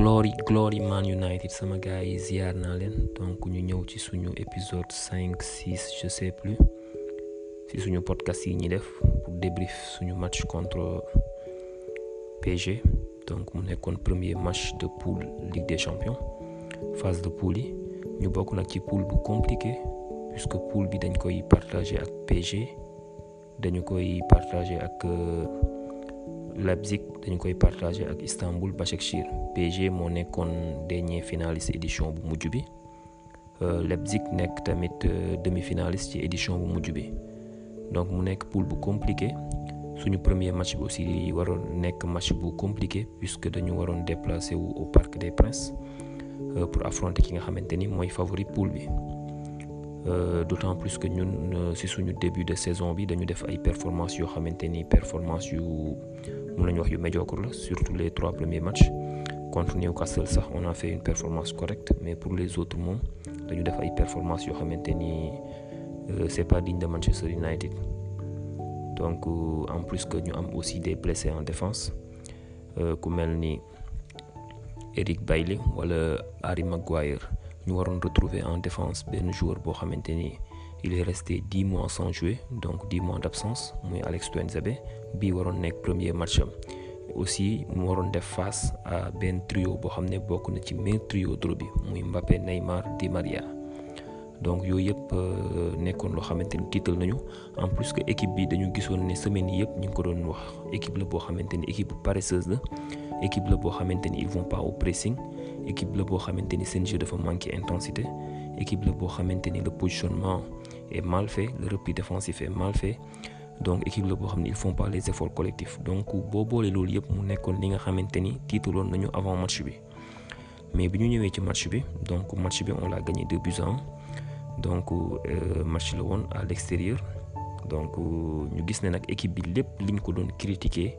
glory glory man united sama gars yi ziar naa leen donc ñu ñëw ci suñu épisode cinq six je sais ci suñu podcast yi ñi def pour suñu match contre PSG donc mu nekkoon premier match de poule Ligue des Champions phase de poule yi ñu bokk nag ci poule bu compliqué puisque poule bi dañ koy partagé ak PSG dañu koy partagé ak. Euh, Leipzig dañu koy partagé ak Istanbul Başakşehir PSG moo nekkoon dernier finaliste édition bu mujj bi euh, Leipzig nekk tamit euh, demi-finaliste ci édition bu mujj bi donc mu nekk poule bu compliqué suñu premier match bi aussi waroon nekk match bu compliqué puisque dañu waroon déplacé wu au Parc des Princes euh, pour affronter ki nga xamante ni mooy favori poule bi d'autant plus que ñun ci suñu début de saison bi dañu def ay performances yoo xamante ni performance yu moom la wax yu médiocre la surtout les trois premiers matchs contre Newcastle sax on a fait une performance correcte mais pour les autres moom dañu def ay performance yoo xamante ni euh, c'est pas digne de Manchester United donc euh, en plus que ñu am aussi des blessés en défense euh, ku mel ni Eric Bailly wala Harry Maguire ñu waroon retrouver en défense benn joueur boo xamante ni il est resté dix mois sans joue donc dix mois d'absence muy Alex Twenzebe bii waroon nekk premier match am aussi mu waroon def face à benn trio boo xam ne bokk na ci meilleur trio dro bi muy Mbappé Neymar Di Maria donc yooyu yëpp euh, nekkoon loo xamante ni tiital nañu en plus que équipe bi dañu gisoon ne semaine yi yëpp ñu ngi ko doon wax équipe la boo xamante ni équipe paresseuse la équipe la boo xamante ni ils vont pas au pressing équipe la boo xamante ni seen jeu d manqué intensité équipe boo xamante ni le positionnement est mal fait le repli défensif est mal fait donc équipe la boo xam ne ils font pas les efforts donc boo boole loolu yëpp mu nekkoon li nga xamante ni tiitaloon nañu avant match bi mais bi ñu ñëwee ci match bi donc match bi on l'a gagné deux buts donc euh, match la woon à l'extérieur donc euh, ñu gis ne nag équipe bi lépp li ñu ko doon critiquer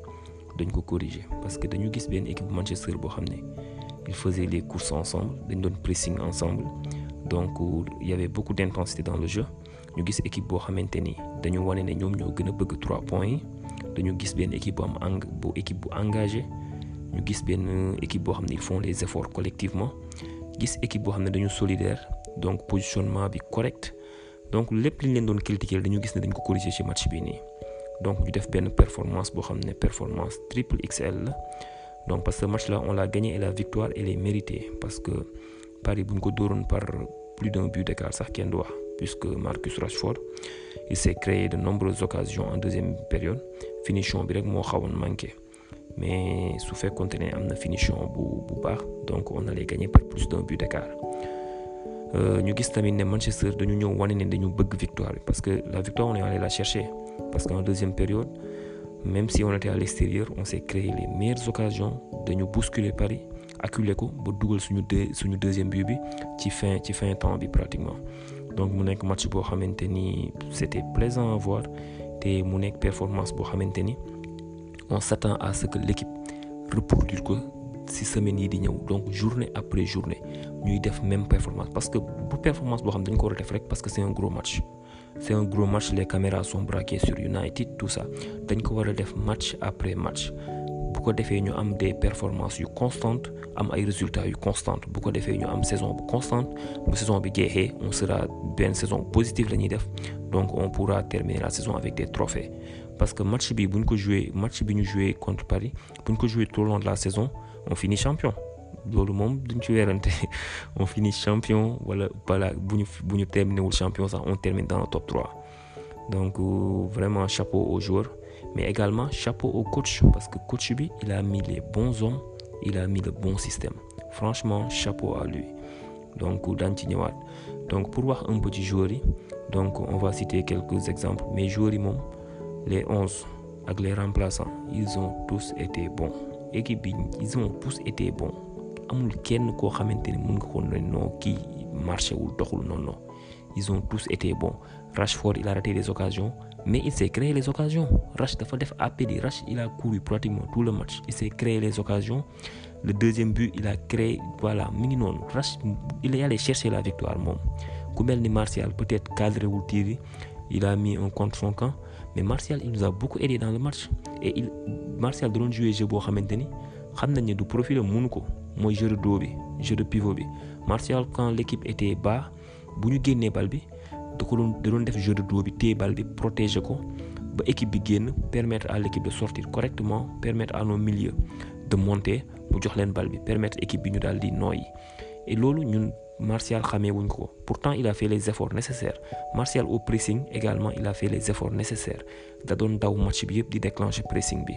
dañ ko corriger parce que dañu gis benn équipe Manchester boo xam ne ils faisaient les courses ensemble dañu doon pressing ensemble donc euh, il y avait beaucoup d'intensité dans le ñu gis équipe boo xamante ni dañu wane ne ñoom ñoo gën a bëgg trois points dañu gis benn équipe bu am eng ñu gis benn équipe boo xam ne ils font les efforts collectivement gis équipe boo xam ne dañu solidaire donc positionnement bi correct donc lépp li ñu leen doon critiquer dañu gis ne dañ ko corriger ci match bi nii donc ñu def benn performance boo xam ne performance triple XL la donc parce que match là on l'a gagné et la victoire elle est méritée parce que ko dóoroon par plus d'un sax kenn du wax. puisque Marcus Rashford il s'est créé de nombreuses occasions en deuxième période finition bi rek moo xaw on manqué mais su fekkoonte ne am na finition bu bu baax donc on allait gagner par plus d'un but d'écart euh, ñu gis tamit ne Manchester dañu ñëw wane ne dañu bëgg victoire bi parce que la victoire on est allé la chercher parce qu'en deuxième période même si on était à l'extérieur on s'est créé les meilleures occasions dañu bousculer Paris acculer ko ba dugal suñu deux suñu deuxième but bi ci fin ci fin temps bi pratiquement donc mu nekk match boo xamante ni c'était plaisant à voir te mu nekk performance boo xamante ni on s'attend à ce que l'équipe reproduise ko si semaine yi di ñëw donc journée après journée ñuy def même performance parce que bu performance boo xam dañ ko war a def rek parce que c'est un gros match c'est un gros match les caméras sont braquées sur United tout ça dañ ko war a def match après match bu ko defee ñu am des performance yu constantes am ay résultats yu constantes bu ko defee ñu am saison bu constante bu saison bi jeexee on sera benn saison positive la ñuy def donc on pourra terminer la saison avec des trophées parce que match bi bu ñu ko joué match bi ñu joué contre Paris bu ñu ko joué tout au de la saison on finit champion loolu moom duñ ci weerante on fini champion wala balaa bu ñu bu ñu terminé wul champion sax on termine dans le top 3 donc euh, vraiment chapeau aux joueurs. mais également chapeau au coach parce que coach bi il a mis les bons hommes il a mis le bon système franchement chapeau à lui donc daan ci ñëwaat donc pour wax un peu ci joueurs yi donc on va citer quelques exemples mais joueurs yi moom les onze ak les remplaçants ils ont tous été bons équipe bi ils ont tous été bons amul kenn koo xamante ni mën nga ko ne non kii marché wul doxul non non ils on tous été bons Rashford il a raté des occasions. mais il s'est créé les occasions Rache dafa def appel yi Rache il a couru pratiquement tout le match il s'est créé les occasions le deuxième but il a créé voilà mi ngi noonu Rache il est allé chercher la victoire moom ku mel ni Martial peut-être cadré wul tir yi il a mis un contre son camp mais Martial il nous a beaucoup aidé dans le match et boo xamante ni xam nañ ne du profil am ko mooy jeu de dos bi jeu de pivot bi Martial quand l'équipe était bas bu ñu génnee bal bi. da ko doon doon def jeu de dos bi téye bal bi protéger ko ba équipe bi génn permettre à l' équipe de sortir correctement permettre à nos milieux de monter mu jox leen bal bi permettre équipe bi ñu daal di nooyi et loolu ñun Martial xamee wuñ ko pourtant il a fait les efforts nécessaires Martial au pressing également il a fait les efforts nécessaires da doon daw match bi yëpp di déclencher pressing bi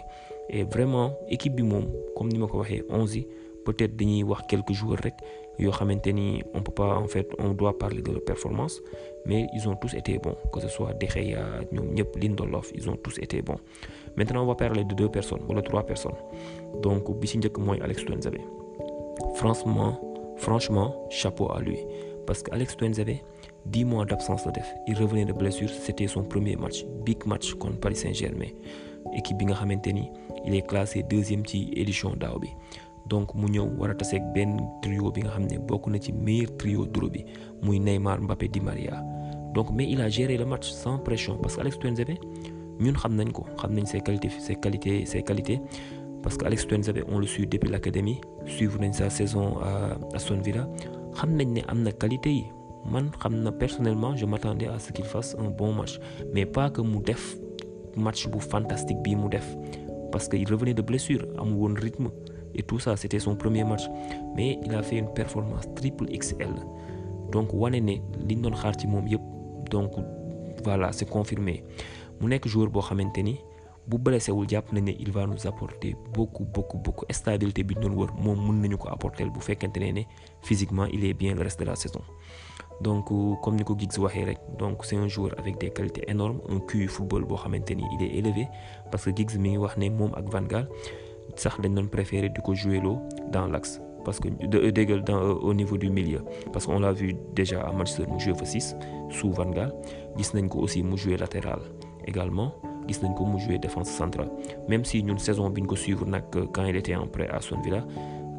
et vraiment équipe bi moom comme ni ma ko waxee onze yi peut-être dañuy wax quelques joueurs rek yoo xamante ni on peut pas en fait on doit parler de performance mais ils ont tous été bons que ce soit Dexia ñoom ñëpp Lindelof ils ont tous été bons maintenant on va parler de deux personnes wala trois personnes donc bi ci njëkk mooy Alex Tuanzebe franchement franchement chapeau à lui parce que Alex Tuanzebe dix mois d'absence la def il revenait de blessure c'était son premier match big match contre Paris Saint-Germain équipe bi nga xamante ni il est classé deuxième ci édition daaw bi. donc mu ñëw war a taseeg benn trio bi nga xam ne bokk na ci meilleur trio duro bi muy Neymar Mbappé Di Maria donc mais il a géré le match sans pression parce que Alex Twenzebe ñun xam nañ ko xam nañ ses qualités ses qualités ses qualités parce que Alex Twenzebe on le suit depuis l' académie suivre nañ sa saison à Aston Villa xam nañ ne am na qualité yi man xam na personnellement je m'attendais à ce qu'il fasse un bon match mais pas que mu def match bu fantastique bii mu def parce que il revenait woon rythme et tout ça c'était son premier match mais il a fait une performance triple XL donc wane ne liñ doon xaar ci moom yëpp donc voilà se confirmer mu nekk joueur boo xamante ni bu blessé wul jàpp nañ ne il va nous apporter beaucoup beaucoup beaucoup stabilité bi ñu doon wër moom mun nañu ko apporter bu fekkente ne ne physiquement il est bien le reste de la saison donc comme ni ko Giggs waxee rek donc c'est un joueur avec des qualités énormes un QI football boo xamante ni il est mi ngi wax ne moom ak Van Gaal sax dañ doon préféré di ko jouer loo dans l'axe parce que euh, déggal dans euh, au niveau du milieu parce que on l'a vu déjà à Manchester mu joué fa 6 sous Van Gaal gis nañ ko aussi mu joué latéral également gis nañ ko mu joué défense centrale même si ñun saison bi ñu ko suivre nag euh, quand il était en prêt à Aston Villa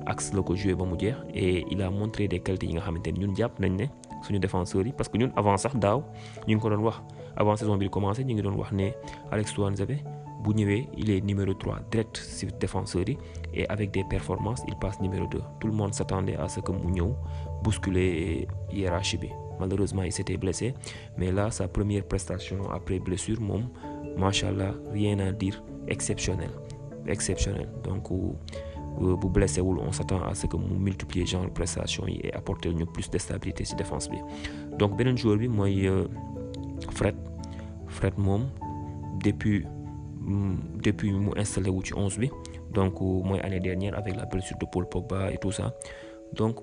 axe la ko joué ba mu jeex et il a montré des qualités yi nga xamante ni ñun jàpp nañ ne suñu défenseurs yi parce que ñun avant sax daaw ñu ngi ko doon wax avant saison bi commencé ñu ngi doon wax ne Alex Touanzebe bu ñëwee il est numéro 3 direct sur défenseurs yi et avec des performances il passe numéro 2 tout le monde s'attendait à ce que mu ñëw bousculer hiérarchie bi malheureusement il s'était blessé mais là sa première prestation après blessure moom macha allah rien à dire exceptionnel exceptionnel donc euh, euh, bu blessé wul on s'attend à ce que mu multiplier genre prestation yi et apporter ñu plus de stabilité défense bi donc beneen joueur bi mooy euh, Fred Fred moom depuis Mm, depuis mu installé wu ci onze bi donc mooy année dernière avec la blessure de Paul Pogba et tout ça donc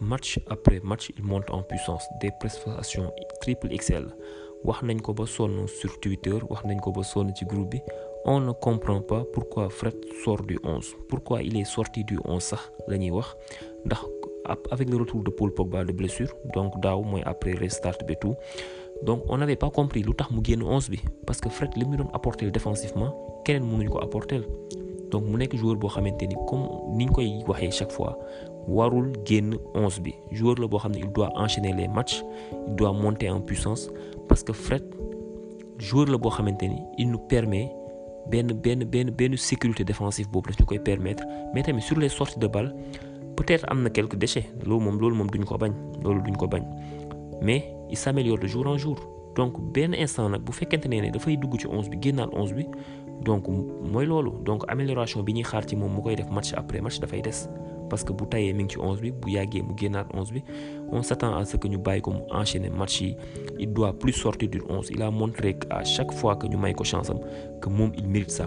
match après match il monte en puissance des prestations triple XL wax nañ ko ba sonn sur Twitter wax nañ ko ba sonn ci groupe bi on ne comprend pas pourquoi Fred sort du 11 pourquoi il est sorti du 11 sax la ñuy wax ndax avec le retour de Paul Pogba de blessure donc daaw mooy après restart bi tout donc on n'avait pas compris lu tax mu génn onze bi parce que Fred li mu doon apporter défensivement keneen mu mënuñ ko apporter donc mu nekk joueur boo xamante ni comme ni ñu koy waxee chaque fois warul génn onze bi joueur la boo xam ne il doit enchaîner les matchs il doit monter en parce que Fred joueur la boo xamante ni il nous permet benn benn benn benn sécurité défensive boobu daf ñu koy permettre mais tamit sur les sorties de balle peut-être am na quelques déchets loolu moom loolu moom duñ ko bañ loolu duñ ko bañ. mais il s'améliore de jour en jour donc benn instant nag bu fekkente ne ne dafay dugg ci onze bi génnaal onze bi donc mooy loolu donc amélioration bi ñuy xaar ci moom mu koy def match après match dafay des parce que bu tayee mi ngi ci onze bi bu yàggee mu génnaat bi on s'attend à ce ñu bàyyi ko mu enchaîner match yi il doit plus sortir du il a montré que à may ko chance am que moom il ci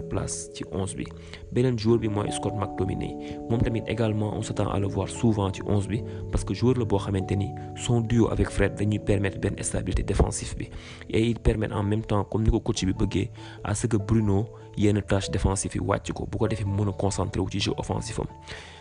bi beneen joueur bi mooy Scott McTominay moom tamit également on s'attend a le voir souvent ci onze bi parce que joueur la boo xamante ni son duo avec Fred dañuy permettre benn stabilité défensive bi et il permet en même temps comme ni ko coach bi bëggee à ce Bruno yenn tâche défensive yi wàcc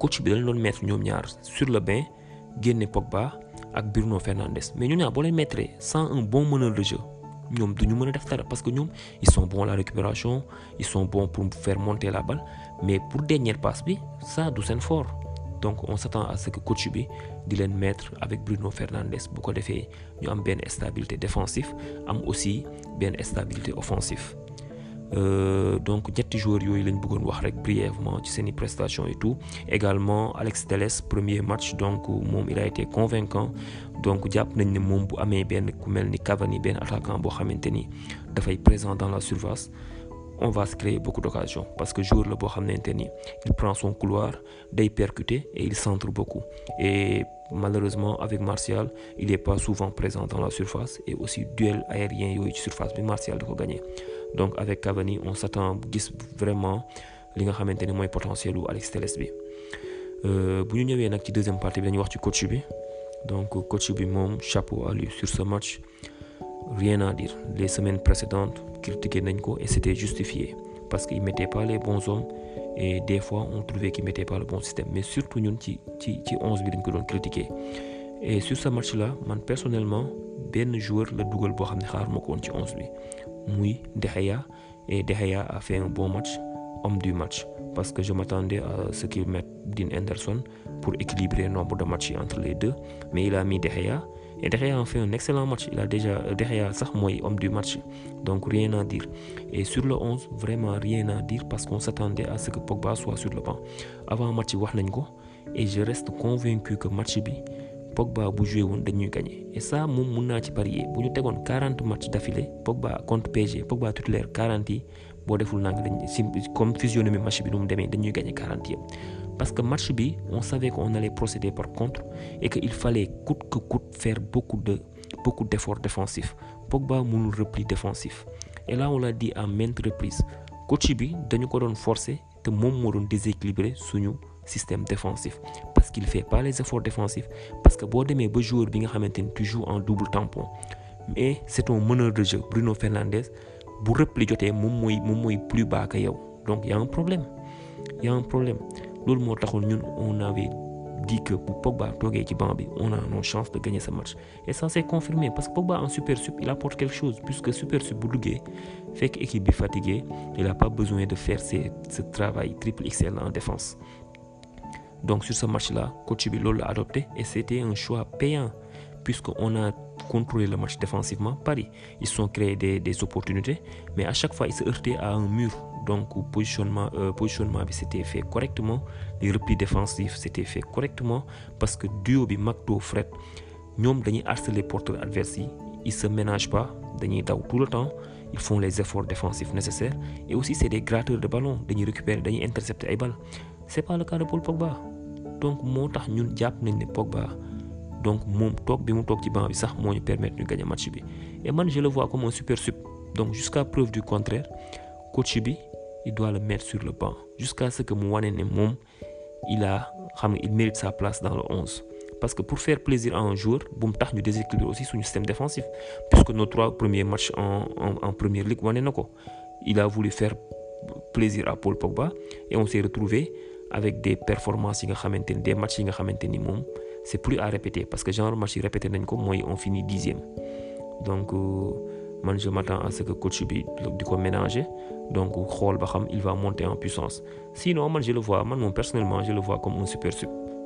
coach bi dañ doon mettre ñoom ñaar sur le banc génne Pogba ak Bruno Fernandes mais ñu ñaar boo leen mettre sans un bon meneur de jeu ñoom du ñu mën a def tara parce que ñoom ils sont bons à la récupération ils sont bons pour faire monter la mais pour dernière passe bi ça du seen fort donc on s'attend à ce que coach bi di leen mettre avec Bruno Fernandes bu ko defee ñu am benn stabilité défensive am aussi benn stabilité offensive Euh, donc ñetti joueurs yooyu lañ bëggoon wax rek brièvement ci seeni prestation et tout également Alex Telles premier match donc moom il a été convaincant donc jàpp nañ ne moom bu amee benn ku mel ni Cavani benn attaquant boo xamante ni dafay présent dans la surface on va se créer beaucoup d'occasions parce que joueur la boo xamante ni il prend son couloir day percuter et il centre beaucoup et malheureusement avec Martial il est pas souvent présent dans la surface et aussi yooyu ci surface bi Martial da donc avec Cavani on s'attend bu gis vraiment li nga xamante ni mooy potentiel wu Alex teles bi euh, bu ñu ñëwee nag ci deuxième partie bi dañuy wax ci coach bi donc coach bi moom chapeau à lui sur ce match rien à dire les semaines précédentes critiqué nañ ko et c'était justifié parce qu'il mettait par les bons hommes et des fois on trouvait qu'il mettait pas le bon système mais surtout ñun ci ci ci onze bi dañ ko doon critiquer et sur ce match là man personnellement benn joueur la dugal boo xam ne xaar ma ko woon ci onze bi muy Dexeya et Dexeya a fait un bon match homme du match parce que je m'attendais à ce qu'il mette Dean pour équilibrer nombre de matchs entre les deux mais il a mis Dexeya et Dexeya a fait un excellent match il a déjà Dexeya sax mooy homme du match donc rien à dire et sur le 11 vraiment rien à dire parce qu'on s'attendait à ce que Pogba soit sur le banc avant match wax nañ ko et je bi Pogba bu joué woon dañuy gagné e ça moom mun naa ci parier bu ñu tegoon 40 matchs d'affilée Pogba contre PSG Pogba titulaire 40 yi boo deful nang demee dañuy gagné 40 yëpp. parce que match bi on savait qu'on allait procéder par contre et que il fallait coûte que coûte faire beaucoup de beaucoup d'efforts défensifs Pogba mënul repli défensif et là on l'a dit à maintes reprises coach bi dañu ko doon forcer te moom moo doon déséquilibré suñu. système défensif parce qu'il fait pas les efforts défensifs parce que boo demee ba joueur bi nga xamante ni tu joues en double tampon mais c'est ton meneur de jeu Bruno Fernandes bu repli jotee moom mooy moom mooy plus bas que yow donc y a problème y a problème loolu moo taxoon ñun on avait dit que bu Pogba toogee ci bi on a nos chances de gagner ce match et ça s'est parce que Pogba en super sub il apporte quelque chose puisque super sub bu duggee fekk équipe bi de faire ce ce travail en défense. Donc sur ce match-là, bi loolu l'a adopté et c'était un choix payant puisqu'on a contrôlé le match défensivement. Paris, ils sont créés des, des opportunités, mais à chaque fois, ils se heurtaient à un mur. Donc, euh, positionnement, bi positionnement c'était fait correctement. Les replis défensifs, c'était fait correctement parce que duo bi McDo Fred, ñom dañuy harceler porteurs adverses yi, ils se ménagent pas, dañuy daw tout le temps. ils font les efforts défensifs nécessaires et aussi c'est des gratteurs de ballon dañuy c'est pas le cas de Paul Pogba donc moo tax ñu jàpp nañ ne Pogba donc moom toog bi mu toog ci banc bi sax moo ñu permettre ñu gagner match bi et man je le vois comme un super sub donc jusqu'à preuve du contraire coach bi il doit le mettre sur le banc jusqu'à ce que mu wane ne moom il a xam nga il mérite sa place dans le onze parce que pour faire plaisir à un joueur bu mu tax ñu déséquilibrer aussi suñu système défensif puisque nos trois premiers matchs en en en première ligue na ko il a voulu faire plaisir à Paul Pogba et avec des performances yi nga xamante ni des matchs yi nga xamante ni moom c'est plus à répéter parce que genre match yi répété nañ ko mooy on finit dixième donc euh, man je m'attends ce que coach bi di ko ménager donc xool ba xam il va monter en puissance sinon man je le vois man moom personnellement le vois comme un super sub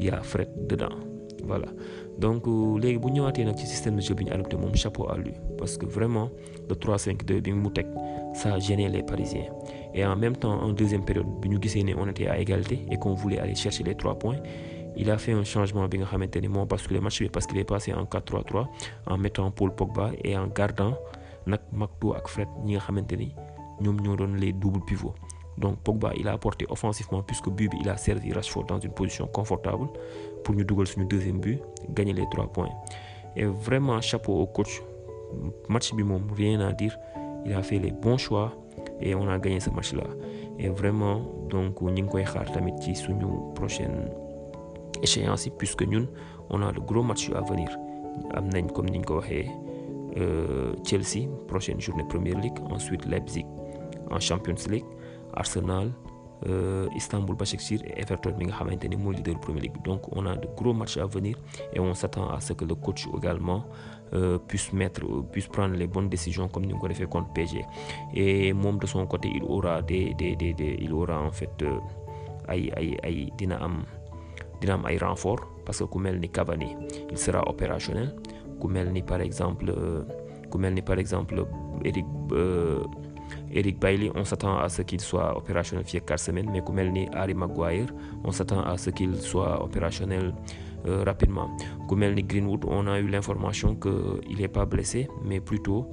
y a Fred dedans voilà donc euh, léegi bu ñëwaatee nag ci système de jeu bi ñu adopté moom chapeau à lui parce que vraiment le 3-5-2 bi mu teg ça gênait les Parisiens et en même temps en deuxième période bi ñu gisee ne on était égalité et qu'on voulait aller chercher les trois points il a fait un changement bi nga xamante ni moo basculé match bi parce qu'il est passé en 4-3-3 en mettant Paul Pogba et en gardant nag Maguito ak Fred donc Pogba il a apporté offensivement puisque but bi il a servi Rashford dans une position confortable pour ñu dugal suñu deuxième but gagner les trois points et vraiment chapeau au coach match bi moom rien à dire il a fait les bons choix et on a gagné ce match là et vraiment donc ñu ngi koy xaar tamit ci suñu prochaine échéance yi puisque ñun on a de gros matchs yu à venir am nañ comme ni ñu ko waxee euh, Chelsea prochaine journée Premier League ensuite Leipzig en Champions League Arsenal euh, Istanbul Başakşehir et Everton mi nga xamante ni moo leader Premier League bi donc on a de gros matchs à venir et on s'attend à ce que le coach également euh, puisse mettre puisse prendre les bonnes décisions comme ni nga ko defee contre et moom de son côté il aura des des des, il aura en fait euh, ay ay ay dina am dina am ay renfort parce que ku mel ni Cavani il sera opérationnel ku mel ni par exemple euh, ku mel ni par exemple Eric. Eric Bailly on s'attend à ce qu'il soit opérationnel fii quatre semaines mais ku mel ni Harry Maguire on s'attend à ce qu'il soit opérationnel euh, rapidement ku mel ni Greenwood on a eu l'information que il pas blessé mais plutôt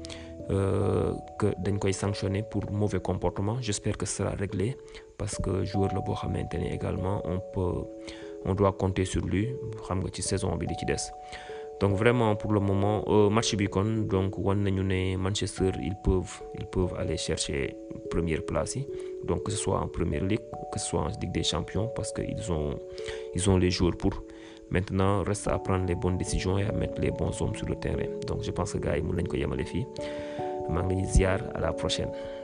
euh, que dañ koy sanctionner pour mauvais comportement j'espère que ce sera réglé parce que joueur la boo xamante ne également on peut on doit compter sur lui xam nga ci saison bi li ci des donc vraiment pour le moment euh, match bi kon donc wan nañu ne Manchester ils peuvent ils peuvent aller chercher première place yi donc que ce soit en première ligue que ce soit en ligue des champions parce que ils ont ils ont les joueurs pour maintenant reste à prendre les bonnes décisions et à mettre les bons hommes sur le terrain donc je pense que gars yi mun nañ ko à la prochaine.